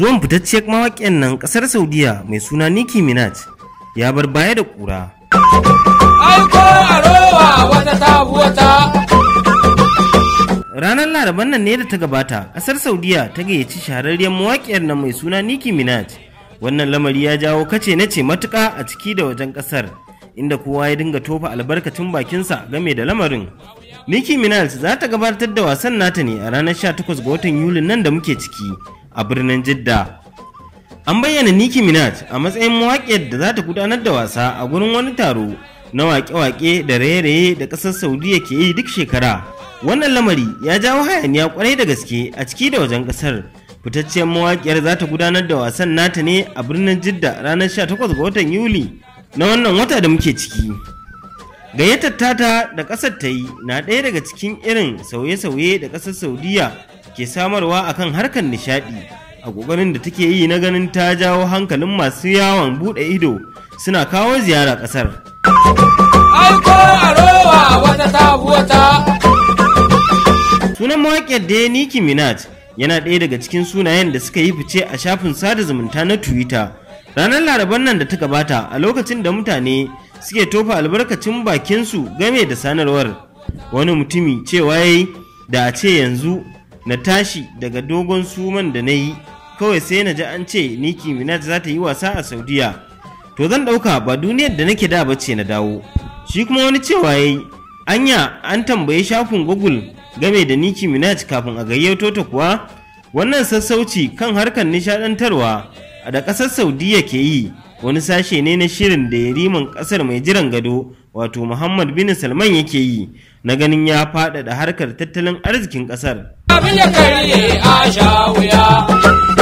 Zuwan fitacciyar mawaƙiyar nan ƙasar Saudiya mai suna Nicki Minaj ya bar baya da ƙura. Ranar Laraban nan ne da ta gabata, ƙasar Saudiya ta gayyaci shahararriyar mawaƙiyar nan mai suna Nicki Minaj. Wannan lamari ya jawo kace na ce matuƙa a ciki da wajen ƙasar, inda kowa ya dinga tofa albarkacin bakinsa game da lamarin. Nicki Minaj za ta gabatar da wasan nata ne a ranar 18 ga watan Yulin nan da muke ciki. a birnin Jidda. An bayyana Nicki Minaj a matsayin mawaƙiyar da za ta gudanar da wasa a gurin wani taro na waƙe-waƙe da raye-raye da ƙasar Saudiya ke yi duk shekara. Wannan lamari ya jawo hayaniya kwarai da gaske a ciki da wajen ƙasar. Fitacciyar mawaƙiyar za ta gudanar da wasan nata ne a birnin Jidda ranar 18 ga watan Yuli na wannan wata da muke ciki. gayyatar tata da ƙasar ta yi na ɗaya daga cikin irin sauye-sauye da ƙasar saudiya ke samarwa akan harkar nishaɗi, a ƙoƙarin da take yi na ganin ta jawo hankalin masu yawon buɗe ido suna kawo ziyara ƙasar. Sunan mawaƙiyar da ya niki Minaj yana ɗaya daga cikin sunayen da suka yi fice a shafin sada zumunta na Twitter. Ranar Laraban nan da ta gabata a lokacin da mutane suke tofa albarkacin bakinsu game da sanarwar. Wani mutumi cewa yayi da a ce yanzu na tashi daga dogon suman da na yi kawai sai na ji an ce Nicki Minaj za ta yi wasa a Saudiya to zan ɗauka ba duniyar da nake da ba ce na dawo shi kuma wani cewa yayi anya an tambaye shafin Google game da Nicki Minaj kafin a gayyato ta kuwa wannan sassauci kan harkar nishadantarwa a da ƙasar Saudiya ke yi wani sashe ne na shirin da yariman ƙasar mai jiran gado wato Muhammad bin Salman yake yi na ganin ya faɗaɗa harkar tattalin arzikin ƙasar. abin ya karye a sha wuya